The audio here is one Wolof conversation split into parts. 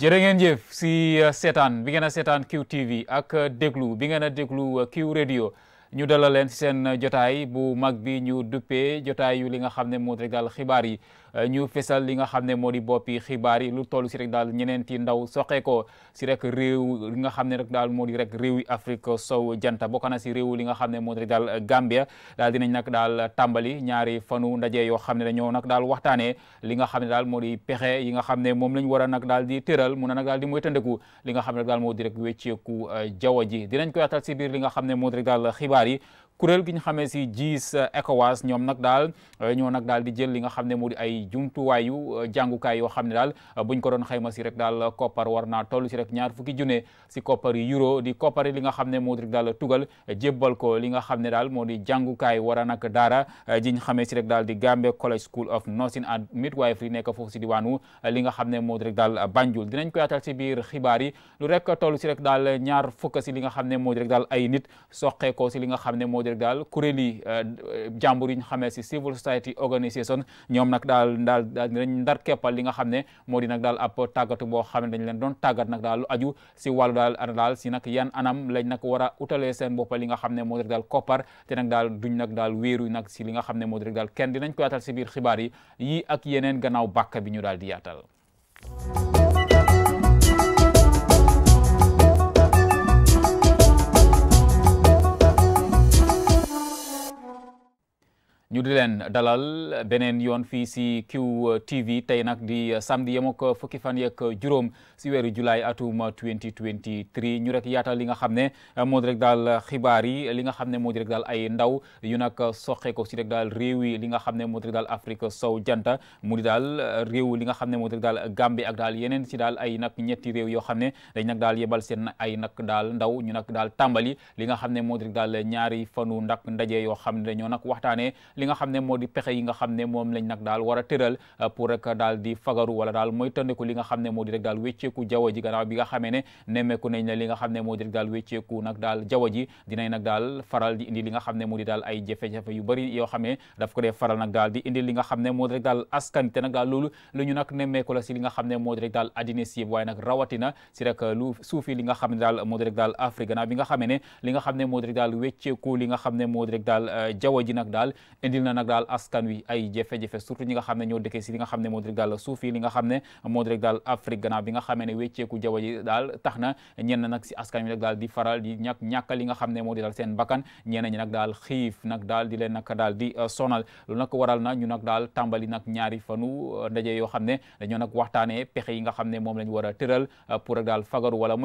jërë ngeen jëf si uh, seetaan bi ngeen a seetaan QTV ak uh, déglu bi ngeen a déglu uh, Q Radio ñu dalal leen si seen jotaay bu mag bi ñu duppee jotaay yu li nga xam ne moo regal xibaar yi. ñu fesal li nga xam ne moo di boppi xibaar yi lu toll si rek daal ñeneenti ndaw soqee ko si rek réew li nga xam ne rek daal moo di rek réew yi Afrique sow janta bokk na si réew li nga xam ne moo di rek daal Gambia daal dinañ nag daal tàmbali ñaari fanu ndaje yoo xam ne dañoo nag daal waxtaane li nga xam ne daal moo di pexe yi nga xam ne moom lañ war a nag daal di tëral mu na nag daal di moytandiku li nga xam ne daal moo di rek wécceeku eh, jaww ji dinañ ko yaatal si biir li nga xam ne moo di rek daal xibaar yi kuréel gi ñu xamee si GIS ECOWAS ñoom nag daal euh, ñoo nag di jël li nga xam ne moo di ay jumtuwaayu euh, jàngukaay yoo xam ne daal euh, buñ ko doon xayma si rek daal koppar war naa toll si rek ñaar fukki junne si koppar yi di koppar li nga xam ne moo di rek daal tugal jébbal ko li nga xam ne daal moo di jàngukaay war a nag daara ji ñu si rek daal di Gambia College School of Nursing and Midwifery nekk foofu si diwaanu li nga xam ne moo di rek daal Banjul dinañ ko yaatal si biir xibaar yi lu rek toll si rek daal ñaar fukk si li nga xam ne moo di rek daal ay nit soqeekoo si li c'est-à-dire daal kuréeli eh, eh, jàmbur yi ñu xamee si civil society organisation ñoom nag daal daal dañ ndar keppal li nga xam ne moo di nag daal ab tàggatu boo xam ne dañ leen doon tàggat nag daal lu aju si wàllu daal ana daal si nag yan anam lañ nag war a utalee seen bopp li nga xam ne moo di rek daal koppar te nag daal duñ nag daal wéeru nag si li nga xam ne moo di rek daal kenn dinañ ko yaatal si biir xibaar yi yi ak yeneen gannaaw bàkk bi ñu daal di yaatal ñu di leen dalal beneen yoon fii si QTV tey nag di samedi yem ak fukki fan yeeg juróom si weeru julaay atum 2023 ñu rek yaatal li nga xam ne moo di rek daal xibaar yi li nga xam ne moo di rek ay ndaw yu nag soqee ko si rek daal réew yi li nga xam ne moo di rek daal sow janta mu di daal réew li nga xam ne moo di rek daal Gambie ak daal yeneen si daal ay nag ñetti réew yoo xam ne dañ nag daal yebal seen ay nag daal ndaw ñu nag daal tàmbali li nga xam ne moo di rek ñaari fanu ndak ndaje yoo xam ne dañoo nag waxtaanee li nga xam ne moo di pexe yi nga xam ne moom lañ nag daal war a tëral pour rek daal di fagaru wala daal mooy tëndiku li nga xam ne moo di rek daal wécceeku jaww ji gannaaw bi nga xamee ne nemmeeku li nga xam ne moo di rek daal wécceeku nag daal jaww ji dinañ nag li nga xam ne moo di daal ay jafe-jafe yu bëri yoo xam ne daf ko dee faral nag daal di indi li nga xam ne moo di rek daal askan te nag daal loolu lu ñu nag si li nga xam ne moo di rek daal addina si waaye nag rawatina si rek lu suufi li nga xam ne daal moo di rek daal Afrique gannaaw bi nga xamee ne nga xam ne moo di rek daal wécceeku li nga xam ne moo di rek daal jaww ji nag daal indil na nag daal askan wi ay jafe-jafe surtout ñi nga xam ne ñoo dëkkee si nga xam ne moo di daal suuf li nga xam ne moo di daal na ñenn nag si askan wi nag daal di faral di ñàkk ñàkk li nga xam ne moo di daal seen bakkan ñenn ñi nag daal xiif nag daal di sonal lu nag waral ñu nag daal tàmbali nag ñaari fanu ndaje yoo xam ne dañoo nag a daal fagaru wala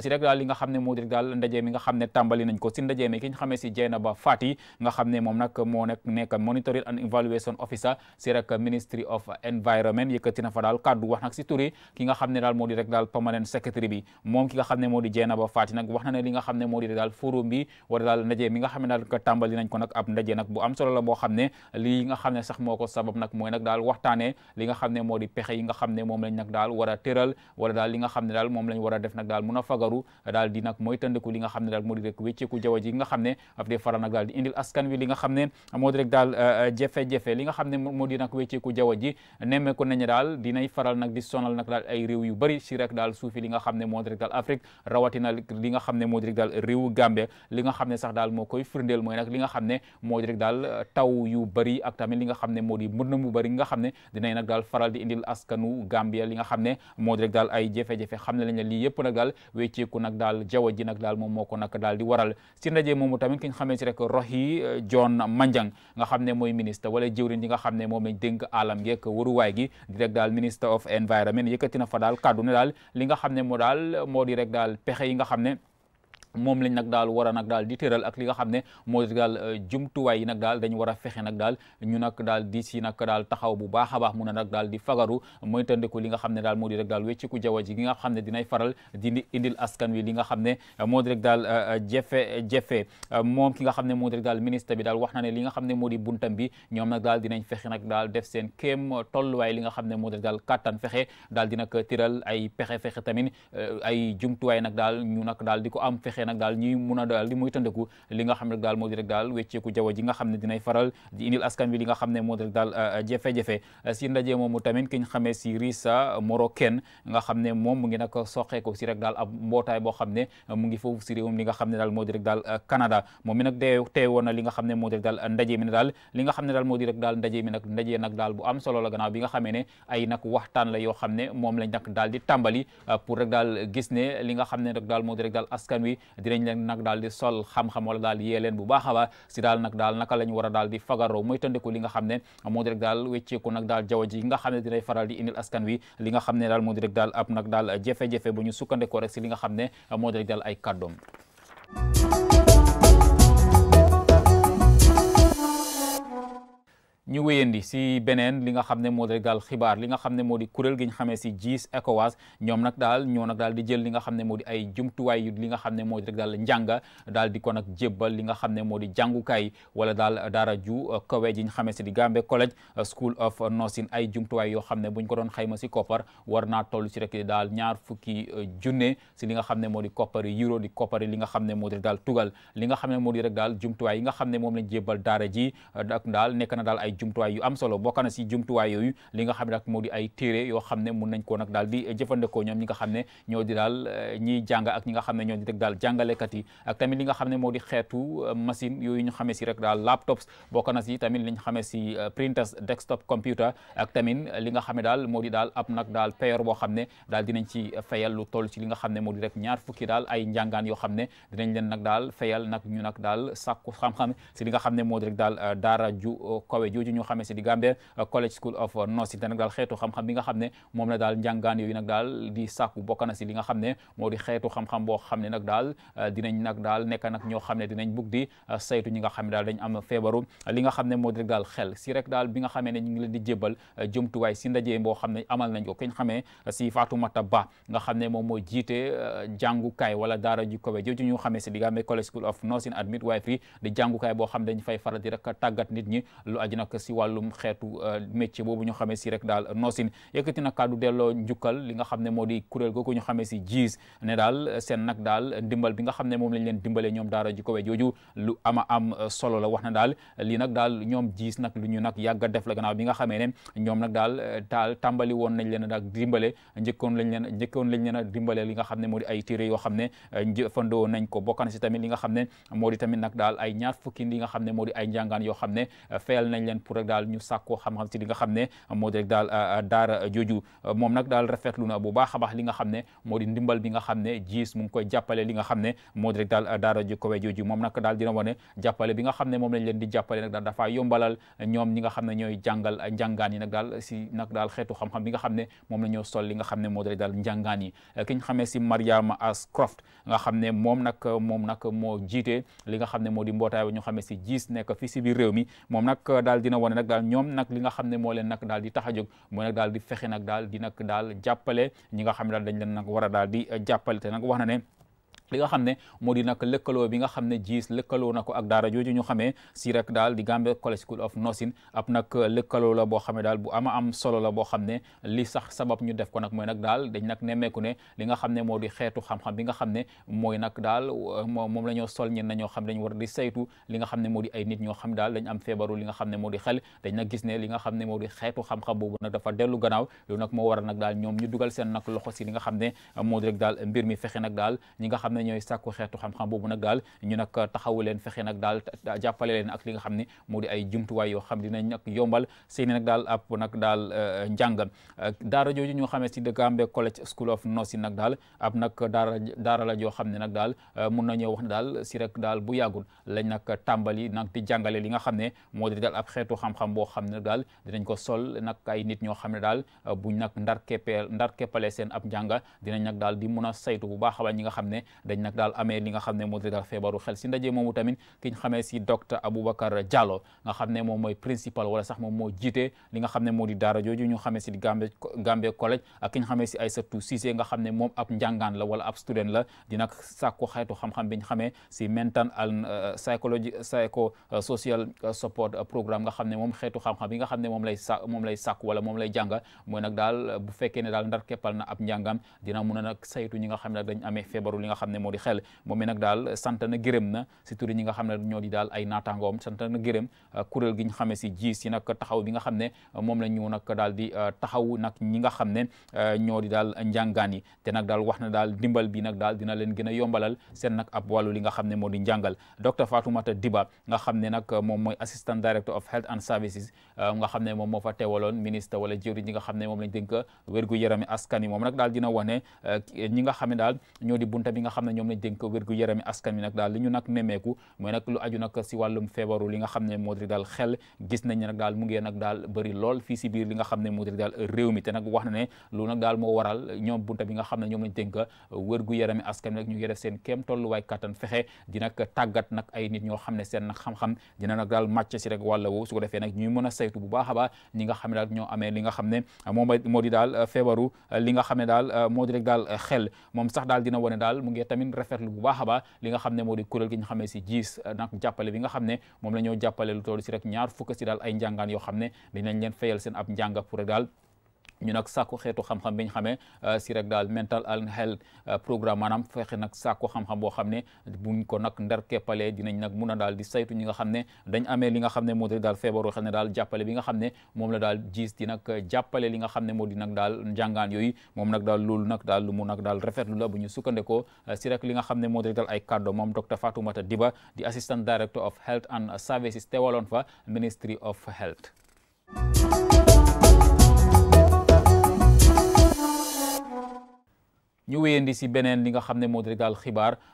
si rek daal li nga xam ne moo di daal ndaje mi nga xam ne tàmbali nañ ko si ndaje mi ki ñu xamee si Jeynaba Fati Murthy nga xam ne moom nag moo nekk monitoring and evaluation officer si rek ministry of environment yëkkati fa daal kaddu wax nag ki nga xam ne daal moo rek daal permanent secretary li nga xam ne daal forum bi wala ab ndaje nag bu am solo la xam ne li nga xam ne sax moo sabab nag mooy nag daal waxtaanee li nga xam ne daal a moom lañ war a def nag daal mun fagaru daal di nag mooy li nga xam ne daal moo rek wécceeku jaww ji indil askan wi li nga xam ne moo di rek daal euh, euh, jafe-jafe li nga xam ne moo di nag wecceeku jaww ji nemmeeku nañu daal dinay ay réew yu bëri si rek daal suufi li nga xam ne moo di rek daal Afrique rawatina li nga xam ne moo di rek daal réewu Gambie li nga xam ne sax daal moo koy firndeel mooy nag li nga xam ne moo di rek daal euh, taw yu ak tamit li nga xam ne moo di mën na mu bëri nga xam ne dinay nag daal faral di indil askanu Gambie li nga xam ne moo di rek ay jafe-jafe xam ne lañ lii yëpp nag daal wecceeku nag daal jaww ji nag daal moom moo ko nag daal di waral si ndaje moomu tamit ki nga xamee si rek rox Abdullahi euh, John Manjang nga xam ne mooy ministre wala jëwriñ yi nga xam ne moom lañ dénk alam ngeek waruwaay gi di rek daal of environment yëkkati na fa daal kàddu ne daal li nga xam ne moo daal moo di rek daal yi nga xam ne moom lañ nag daal war a nag daal di tëral ak li nga xam ne mooy daal jumtuwaay yi nag daal dañ war a fexe nag daal ñu nag daal di si nag daal taxaw bu baax a baax mun a nag daal di fagaru moytandiku li nga xam ne daal moo di rek daal wécciku jaww ji gi nga xam ne dinay faral di indil askan wi li nga xam ne moo di rek daal jafe-jafe moom ki nga xam ne moo di rek daal bi daal wax na ne li nga xam ne moo di buntam bi ñoom nag daal dinañ fexe nag daal def seen kéem tolluwaay li nga xam ne moo di rek daal kattan fexe daal di nag tëral ay pexe fexe tamit ay jumtuwaay nag daal ñu nag daal di ko am fexe nag daal ñuy mun a daal di muy tëndeku li nga xam ne rek daal moo di rek daal wecceeku jaww ji nga xam ne dinay faral li nga xam ne daal jafe mu ngi nag soxee ko si rek daal ab mbootaay boo xam ne mu ngi foofu si réewum li nga xam ne daal moo di rek daal Canada moom mi nag dee teewoon ne moo di rek daal ndaje mi ne daal li nga moo di rek daal ndaje mi nag ndaje la gannaaw bi nga xamee ne la yoo xam ne moom lañ nag daal di tàmbali pour rek daal gis ne li nga xam ne rek daal moo di rek daal askan wi dinañ leen nag daal di sol xam-xam wala daal yeleen bu baax a baax si daal nag daal naka la ñu war a daal di fagaroo muy tëndiku li nga xam ne moo di rek daal wécceeku nag daal jaww ji nga xam ne dinay faral di indil askan wi li nga xam ne daal moo di rek daal ab nag daal jafe-jafe bu ñu sukkandikoo rek si li nga xam ne moo di rek daal ay kàddoom ñu wéyandi si beneen li nga xam ne moo di daal xibaar li nga xam ne moo di kuréel gi ñu xamee si GIS ECOWAS ñoom nag daal ñoo nag daal di jël li nga xam ne moo di ay jumtuwaay yu li nga xam ne moo di daal njànga daal di ko nag jébbal li nga xam ne moo di jàngukaay wala daal daara ju kawe ji ñu xamee si di Gambia College School of Nursing ay jumtuwaay yoo xam ne buñ ko doon xayma si koppar war naa toll si rek ñaar fukki junne si li nga xam ne moo di koppari euro di koppari li nga xam ne moo di rek daal tugal li nga xam ne moo di rek daal jumtuwaay yi nga xam ne moom lañ jébbal daara ji ak na daal ay jumtuwaay yu am solo bokk na si jumtuwaay yooyu li nga xam ne daal di daal eh, ñiy jàng ak ñi xeetu eh, machine yooyu ñu si rek daal laptops bokk na si tamit li ñu si eh, printers desktop computer ak tamit li nga daal moo daal ab nag daal payeur boo xam ne daal dinañ ci fayal lu toll ci li nga xam ne moo di rek ñaar fukki daal ay njàngaan yoo xam ne dinañ leen nag rek daal daara ju kawe jooju ñu xamee si di Gambia uh, College School of Nursing te nag daal xeetu xam-xam bi nga xam ne moom la daal njàngaan yooyu nag daal di sàkku bokk na si li nga xam ne moo di xeetu xam-xam boo xam ne nag daal uh, dinañ nag daal nekk nag ñoo xam ne dinañ bugg di uh, saytu ñi nga xam ne daal dañ am feebaru li nga xam ne moo di daal xel si rek daal bi nga xamee ne ñu ngi leen di jébbal jumtuwaay si ndaje boo xam ne amal nañ ko keñ xamee si Fatoumata Ba nga xam ne moom moo jiite jàngukaay wala daara ju kowe jooju ñu xamee si di Gambia College School of Nursing and Midwifery di jàngukaay boo xam ne dañ fay faral di rek tàggat nit ñi lu aju nag nekk si wàllum xeetu euh, métier boobu ñu xamee si rek daal noosin yëkkati na kàddu delloo njukkal li nga xam ne moo di kuréel googu xamee si jiis ne daal seen nag daal ndimbal bi nga xam ne moom lañ leen dimbalee ñoom daara ji kowe jooju lu ama am la wax na daal lii nag daal ñoom jiis nag lu ñu nag yàgga def la gannaaw bi nga xamee ne ñoom nag daal euh, daal tàmbali woon nañ leen nag dimbale njëkkoon lañ leen njëkkoon lañ leen a dimbale li nga xam ne moo di ay téere yoo xam ne euh, jëfandoo nañ ko bokkan li nga xam ne moo di tamit nag daal li nga xam ne moo di ay yoo xam leen pour rek daal ñu sàkkoo xam-xam ci li nga xam ne moo di rek daal daara jooju moom nag daal rafetlu na bu baax a baax li nga xam ne moo di ndimbal bi nga xam ne jiis mu ngi koy jàppale li nga xam ne moo di daal daara ju kowe jooju moom nak daal dina wane jàppale bi nga xam ne moom lañ leen di jàppale nag daal dafaa yombalal ñoom ñi nga xam ne ñooy jàngal njàngaan yi nag daal si nag daal xeetu xam nga xam ne moom la ñoo sol li nga xam ne moo di daal njàngaan yi ki ñu xamee si Mariama Ascroft nga xam ne moom nag moom nag moo jiite li nga xam ne moo di mbootaay ba ñu xamee si jiis nekk fii si biir réew mi moom nag daal dina wane nag daal ñoom nag li nga xam ne moo leen nag daal di taxa a jóg mooy nag daal di fexe nag daal di nag daal jàppale ñi nga xam ne daal dañ leen nag war daal di jàppale te nag wax na ne li nga xam ne moo di nag lëkkaloo bi nga xam ne jiis lëkkaloo na ko ak daara jooju ñu xamee si rek daal di Gambia College School of Nursing ab nag lëkkaloo daal bu ama am solo la boo xam ne li sax sabab ñu def ko nag mooy nag daal dañ nag nemmeeku ne li nga xam ne moo di xeetu xam-xam bi nga xam ne mooy nag daal moom la ñoo sol ñen na ñoo xam dañ war di saytu li nga xam ne moo di ay ñoo xam daal dañ am feebaru li nga xam ne moo di xel dañ nag gis ne li nga xam ne moo di xeetu xam-xam boobu nag dafa dellu gannaaw loolu nag moo waral nag daal ñoom ñu dugal seen nag loxo si li nga xam ne moo di rek daal mbir mi fexe nag daal ñi nga xam ne ñooy sàkku xeetu xam-xam boobu nag daal ñu nag taxawu leen fexe nag daal jàppale leen ak li nga xam ne moo ay jumtuwaay yoo xam dinañ nag yombal seeni nag daal ab nag daal euh, njàng euh, daara jooju ñoo xamee si The Gambia College School of Nursing nag daal ab nag daara daara la joo xam ne nag daal euh, mun nañoo wax ne daal si rek daal bu yàggul lañ nag tàmbali nag di jàngale li nga xam ne moo di daal ab xeetu xam-xam boo xam ne nag daal dinañ ko sol nag ay nit ñoo xam ne daal nag ndar keppee ndar keppale seen ab njànga dinañ nag daal di mun a saytu bu baax a baax dañ nag daal amee li nga xam ne moo di daal feebaru xel si ndaje moomu tamit ki ñu xam ne moom mooy principal wala sax moom moo jiite nga xam ne moo di daara jooju ñu xamee si Gambie Gambie collège ak ki ñu xamee si Aïssatou Cissé nga xam ne moom ab njàngaan la wala ab student la dinag sàkku xeetu xam bi ñu xamee si mental and euh, psychology psycho social euh, support euh, programme nga xam ne moom xeetu xam-xam nga xam ne moom lay sa moom lay sàkku wala moom lay jànga mooy nag daal bu fekkee ne daal ndar keppal na ab njàngam dina mun a nag saytu ñi nga xam ne dañ amee feebaru li nga xam ne ne moo di moom mi nag daal sant na gërëm na si turi ñi nga xam ne ñoo daal ay naataangoom sant na gërëm euh, kuréel gi ñu xam ne euh, moom daal di euh, taxaw nag ñi nga daal njàngaan yi te nag daal wax na daal dimbal bi nag daal dina leen gën a yombalal seen nag ab wàllu li nga xam ne xam ne nag moom mooy assistant director of health and services nga xam moom moo fa teewaloon ministre wala jëwriñ ñi xam ne moom lañ dénk wérgu yarami askan yi moom nag daal dina wax ne xam ne daal ñoo di bunta bi nga xam ne ñoom lañ dénk wérgu yarami askan wi nag daal li ñu nag nemmeeku mooy nag lu aju nag si wàllum feebaru li nga xam ne moo di daal xel gis nañ nag daal mu ngee nag daal bëri lool fii si ñu ngi def a a moo di daal feebaru li nga xam ne daal moo di rek daal xel moom sax daal dina wone daal mu ngi tamit rafetlu lu baax a baax li nga xam ne moo di kuréel gi ñu xamee si gis euh, nag jàppale bi nga xam ne moom la ñoo jàppale lu toll si rek ñaar fukk si daal ay njàngaan yoo xam ne dinañ leen fayal seen ab njàng pour daal ñu nag saako xeetu xam-xam bi ñu xamee euh, si rek daal mental and health euh, programme maanaam fexe nag saako xam-xam boo xam ne buñ ko nag ndar keppalee dinañ nag mun a daal di saytu ñi nga xam ne dañ amee li nga xam ne moo di daal feebaru xam ne daal jàppale bi nga xam ne moom la daal gis di nag jàppale li nga xam ne moo di nag daal njàngaan yooyu moom nag daal loolu nag daal lu mu nag daal rafetlu la bu ñu sukkandekoo euh, si rek li nga xam ne moo di daal ay kaddo moom docteur Fatoumata Diba di assistant director of health and services teewaloon fa ministry of health ñu wéyandi si beneen li nga xam ne moo di daal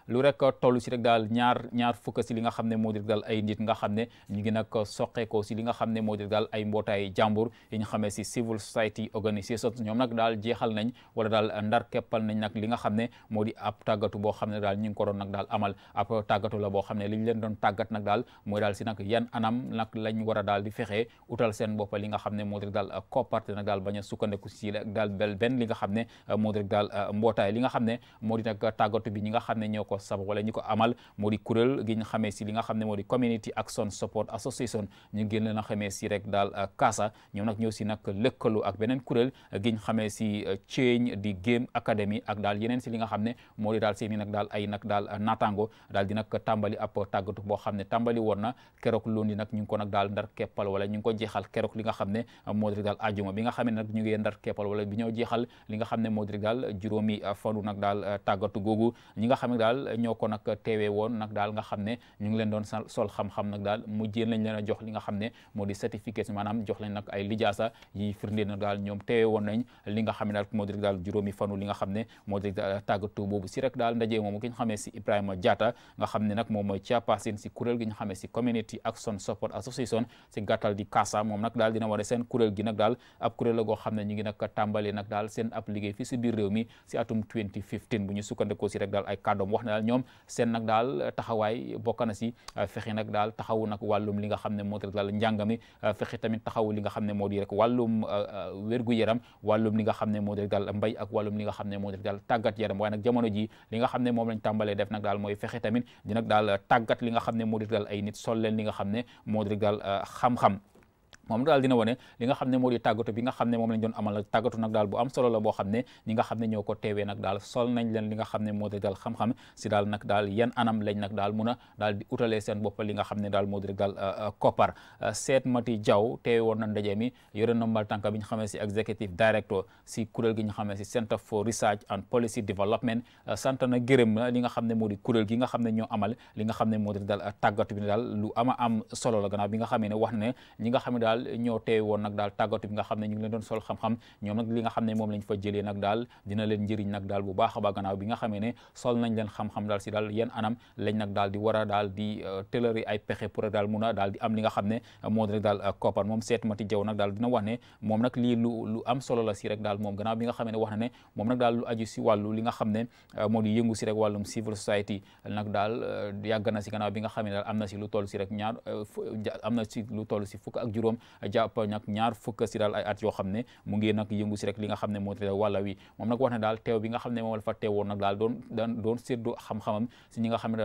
lu rek toll si rek daal ñaar ñaar fukk si li nga xam ne moo di rek daal ay nit nga xam ne ñu ngi nag soqeekoo si li nga xam ne di rek daal ay mbootaay jàmbur yi ñu xamee si civil society organisations ñoom nag daal jeexal nañ wala daal ndar keppal nañ nag li nga xam ne moo di ab tàggatu boo xam ne daal ñu ngi ko doon nag daal amal ab tàggatu la boo xam ne li leen doon tàggat nag daal mooy daal si yan anam nag lañ war a daal di fexee utal seen bopp li nga xam ne moo di rek daal kopparte nag daal bañ a sukkandiku si daal benn li nga xam ne moo di rek daal mbootaay nga xam ne moo di nag tàggatu bi ñinga nga xam ne ñoo ko sab wala ñi ko amal moo di kuréel gi ñu xamee si li nga xam ne moo di community action support association a xamee si rek daal euh, kaasa ñoom nag si nag lëkkaloo ak beneen kuréel gi ñu si euh, change di game academy ak daal yeneen si li nga xam ne moo di daal seen i daal ay nag daal euh, naataango daal di nag tàmbali ab tàggatu boo xam ne tàmbali woon na keroog lundi nag ñu ngi ko nag daal ndar keppal wala ñu ngi ko jeexal keroog li nga xam ne moo di daal ajuma bi nga xam ne nag ñu ngi ndar keppal wala bi ñoo jeexal li nga xam ne moo di daal juróomi fanu nag daal daal daal ñoo ko nag teewee woon nag daal nga xam ne ñu ngi leen doon sol xam-xam nag daal mujjeen leen a jox li nga xam ne moo di certificat maanaam jox leen nag ay lijaasa yi firndee na daal ñoom teewee woon nañ li nga xam ne daal moo di rek daal juróomi fanu li nga xam ne moo di rek tàggatu boobu si rek daal ndaje moomu ki ñu xamee si Ibrahima Diatta nga xam ne nag moom mooy chairperson si kuréel gi ñu xamee si Community Action Support Association si gàttal di CASA moom nag daal dina wane seen gi nag daal ab kuréel la goo xam ne ñu ngi nag tàmbale daal ñoom seen nag daal taxawaay bokk na si euh, fexe nag daal taxawu nag wàllum li nga xam ne moo di rek daal njàng mi euh, fexe tamit taxawu li nga xam ne moo di rek wàllum euh, wér-gu-yaram wàllum li nga xam ne moo di rek daal mbay ak wàllum li nga xam ne moo di rek daal tàggat yaram waaye nag jamono ji li nga xam ne moom lañ tàmbalee def nag daal mooy fexe tamit di daal tàggat li nga xam ne moo di rek daal ay nit sol leen li nga xam ne moo di rek daal xam-xam moom daal dina wone li nga xam ne moo di tàggatu bi nga xam ne moom lañ doon amal tàggatu nag daal bu am ne ñi nga xam ne ñoo ko teewee nag daal sol nañ leen li nga xam ne moo di xam-xam si daal nag daal yan anam lañ nag xam ne si executive director si kuréel gi ñu xamee si sant na gërëm li nga xam ne moo di kuréel gi nga xam ne ñoo amal li nga xam ne moo di daal tàggatu bi daal lu ama am solo la gannaaw bi nga xam ne wax na ñi nga xam ne daal daal ñoo teew woon nag daal tàggatu bi nga xam ne ñu ngi leen doon sol xam-xam ñoom nag li nga xam ne moom lañ fa jëlee nag daal dina leen njëriñ nag daal bu a baax gannaaw bi nga xamee ne sol nañ leen xam-xam daal si a daal di euh, a daal li euh, lu am solo la si rek daal moom gannaaw bi nga xamee ne na ne moom nag daal lu aju si euh, si rek wàllum civil bi nga xam ne daal am na si lu toll si rek am na si lu toll si fukk ak juróom jàpp nag ñaar a si daal ay at yoo xam ne mu ngi nag yëngu si rek li nga xam ne moom ne daal teew bi nga xam ne moom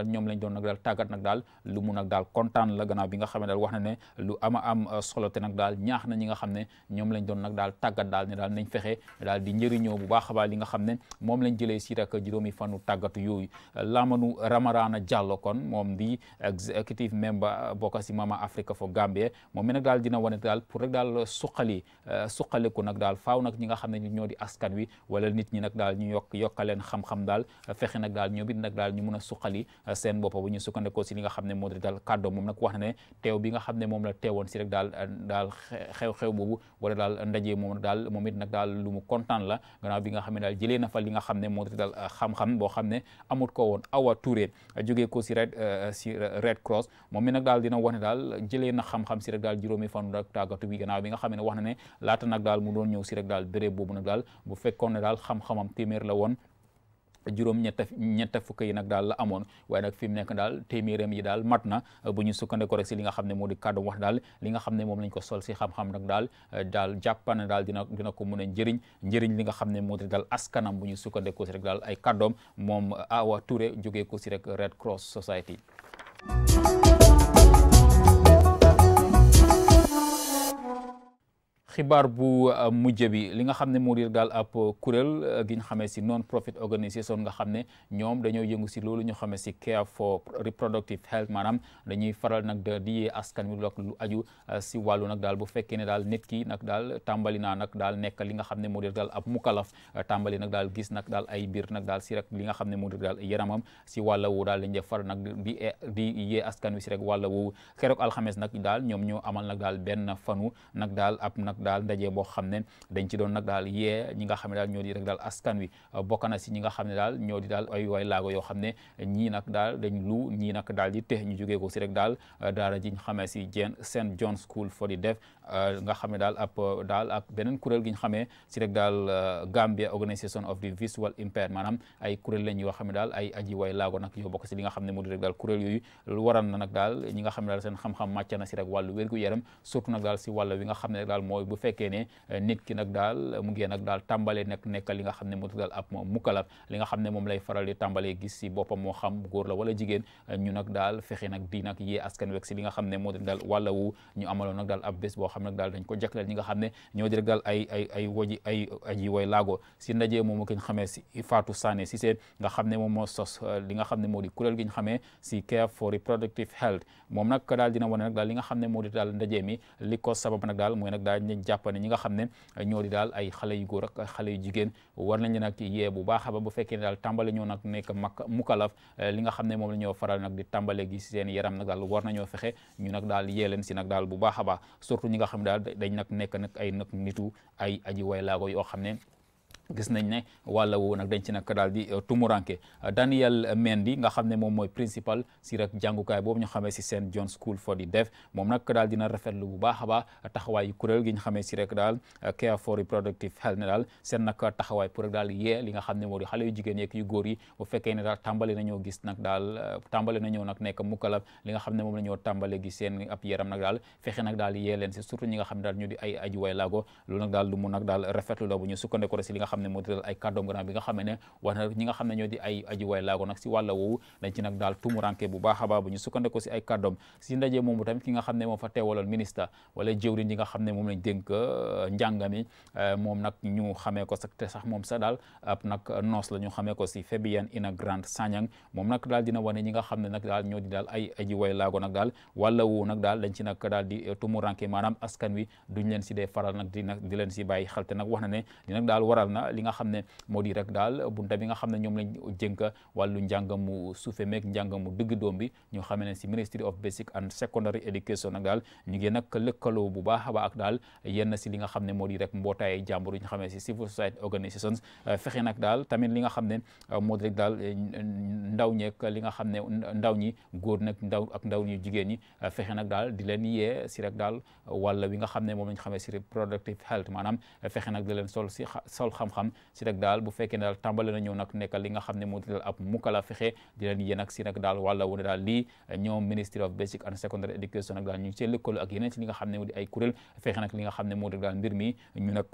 ñoom lañ doon nag daal tàggat nag daal lu mu nag daal kontaan la gannaaw bi nga xam ne daal wax na ne lu ama am solo te nag daal ñaax na ñi nga xam ne ñoom lañ doon nag daal taggat daal ne daal nañ fexe daal di njëriñoo bu baax a baax li nga xam ne moom lañ jëlee si rek juróomi fanu tàggatu yooyu Lamanu Ramarana Jallow kon moom di executive member bokk si Mama Africa for Gambia moom mi nag daal dina wane daal pour rek daal suqali euh, suqaliku nag daal faaw nag ñi nga xam ne ñoo di askan wi wala nit ñi nag daal ñu yokk yokkaleen xam-xam daal fexe nag daal ñoom it nag daal ñu mën a suqali euh, seen bopp bu ñu sukkandikoo si li nga xam ne moo daal kàddoom moom na ne nga xam la teewoon euh, la gannaaw bi nga xam ne daal jëlee na fa li nga xam ne moo di daal xam-xam boo xam ne amut ko woon Awa Touré jógee ko si red si Red Cross moom mi nag daal dina wax daal ak tàggatu bi gannaaw bi nga xame ne wax na ne laata nag daal mu doon ñëw si rek daal béréb bobu nag daal bu fekkoon ne daal xam-xamam téeméer la woon juróom ñetta ñetta fukk yi nag daal la amoon waaye nag fi mu nekk daal téeméeram yi daal mat na bu ñu sukkandiku rek si li nga xam ne moo di kàddu wax daal li nga xam ne moom lañ ko sol si xam-xam nag daal daal jàppane daal dina dina ko mën a njëriñ njëriñ li nga xam ne moo di daal askanam bu ñu sukkandiku si rek daal ay kàddoom moom Awa Touré jógee ko si rek Red Cross Society xibaar bu euh, mujj li nga xam ne moo riir daal ab euh, kuréel euh, gi ñu xamee si non profit organisation nga xam ne ñoom dañoo yëngu si loolu ñu xamee si care for reproductive health maanaam dañuy faral nag di askan wi lu aju si wàllu nag daal bu fekkee ne daal nit ki nag daal tàmbali naa nag daal nekk li nga xam ne moo riir daal ab mukalaf tàmbali nag daal gis nag daal ay biir nag daal si rek li nga xam ne moo riir daal yaramam si wàlla daal lañ def faral nag di di yee askan wi si rek wàlla woowu keroog alxames nag daal ñoom ñoo amal nag daal benn fanu nag daal daal ndaje boo xam ne dañ ci doon nag daal yee ñi nga xam ne daal ñoo di rek daal askan wi bokk na si ñi nga xam ne daal ñoo di daal ay waay laago yoo xam ne ñii nag daal dañ lu ñii nag daal di te ñu jógee ko si rek daal daara ji ñu xamee si Jane St John School for the Deaf euh, nga xam ne daal si rek daal euh, Gambia Organisation of the Visual Impaired maanaam ay kuréel yoo xam ne daal ay aji waay laago nag yoo bokk nga xam ne di rek daal kuréel yooyu lu waral na nag daal ñi nga xam ne daal seen xam-xam màcc na si rek wàllu wér gu yaram surtout nag daal si wàll wi nga xam fekkee ne euh, nit ki nag daal euh, mu ngee nag daal tàmbale nag nekk li nga xam ne moo daal ab mukkalaf li nga xam ne moom lay faral di tàmbalee gis si boppam moo xam góor la wala jigéen euh, ñu nag daal fexe nag di nag yee askan wek si li nga xam ne moo di daal wàllawu ñu amaloon nag daal ab bés boo xam nag daal dañ ko jagleel ñi nga xam ne ñoo di rek daal ay ay ay woji ay aji way laago si ndaje moom ki ñu xamee si Fatou Sané si seen nga xam ne moom moo sos li nga xam ne moo di kuréel gi ñu xamee si care for reproductive health moom nag daal dina wane nag daal li nga xam ne moo di daal ndaje mi li ko sabab nag daal mooy nag daal jàpp ne ñi nga xam ne ñoo di daal ay xale yu góor ak xale yu jigéen war nañu nag yee bu baax ba bu fekkee ne daal tàmbale ñoo nag nekk mak mukalaf eh, li nga xam ne moom la ñoo faral nag di tàmbale si seen yaram nag daal war nañoo fexe ñu nag daal yee leen si nag daal bu baax a baax surtout ñi nga xam ne daal dañ nag nekk nag ay nag nitu ay aji way yoo xam ne gis nañ ne wàlla woo nag dañ ci nag daal di euh, tumuranke euh, Daniel Mendy nga xam ne moom mooy principal si rek jàngukaay boobu ñu xamee si St John School for the Deaf moom nag daal dina rafetlu bu baax a baax taxawaayu kuréel gi ñu xamee si rek daal euh, care for reproductive health ne daal seen nag taxawaay pour rek daal yee li nga xam ne moo di xale yu jigéen yeeg yu góor yi bu fekkee ne daal tàmbale nañoo gis nag xam ne moom la ñoo tàmbale gi seen ab yaram nag daal fexe nag daal yee leen si surtout ñi nga xam ne daal ñu di ay ajuwaay laago loolu nag daal lu mu nag daal xam ne moo tëral ay kàddoom gannaaw bi nga xam ne wax na ñi nga xam ne ñoo di ay aji waay laago nag si wàlla woowu dañ ci nag daal tumuranke bu baax a baax bu ñu sukkandeko si ay kàddoom si ndaje moomu tamit ki nga xam ne moo fa teewaloon ministre wala jëwriñ yi nga xam ne moom lañ dénk euh, njàng mi euh, moom nag ñu xamee ko sax te sax moom sax daal ab nag noos la ñu xamee ko si Fabien Ina Grande Sagnang moom nag daal dina wane ñi nga xam ne nag daal ñoo di daal ay aji waay laago nag daal wàlla woowu nag daal dañ ci nag daal di euh, tumuranke maanaam askan wi duñ leen si dee faral nag di nag di leen si bàyyi xel te nag wax na ne di nag daal waral na li nga xam ne moo di rek daal bunta bi nga xam ne ñoom lañ jënk wàllu njàng mu suufe meeg njàng mu digg doom bi ñu xam ne si ministry of basic and secondary education nag daal ñu ngi nag lëkkaloo bu baax a baax ak daal yenn si li nga xam ne moo di rek mbootaay jàmbur yi nga xam ne si civil society organisations euh, fexe nag daal tamit li nga xam ne euh, moo di daal euh, ndaw ñeek li nga xam ne ndaw ñi góor nag ndaw ak ndaw ñu jigéen ñi fexe nag daal di leen yee si rek daal wala wi nga xam ne moom lañ xamee si reproductive health maanaam xam-xam si nag daal bu fekkee ne daal tàmbale na ñëw nag nekkal li nga xam ne moo di mukala fexe di leen yéen ak si nag daal wala wu ne daal lii ñoom ministry of basic and secondary education nag daal ñu ngi see lëkkaloo ak yeneen si li nga xam ne moo di ay kuréel fexe nag li nga xam ne moo di daal mbir mi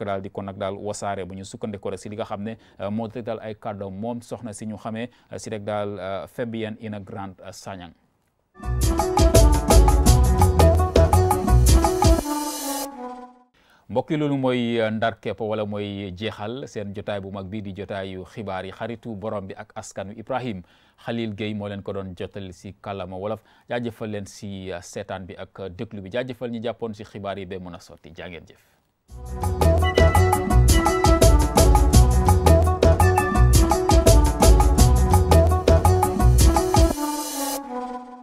daal di ko nag daal wasaare bu ñu sukkandikoo rek si li nga xam ne euh, moo di daal ay kàddoom moom soxna si ñu xamee euh, si rek daal euh, Fabian Ina Grant Sanyang mbokk yi loolu mooy ndar wala mooy jeexal seen jotaay bu mag bii di jotaayu xibaar yi xaritu borom bi ak askanu Ibrahim Khalil Gueye moo leen ko doon jotal si kàllaama wolof jaajëfal leen si seetaan bi ak déglu bi jaajëfal ñi jàppoon si xibaar yi ba mën a sotti jaa ngeen jëf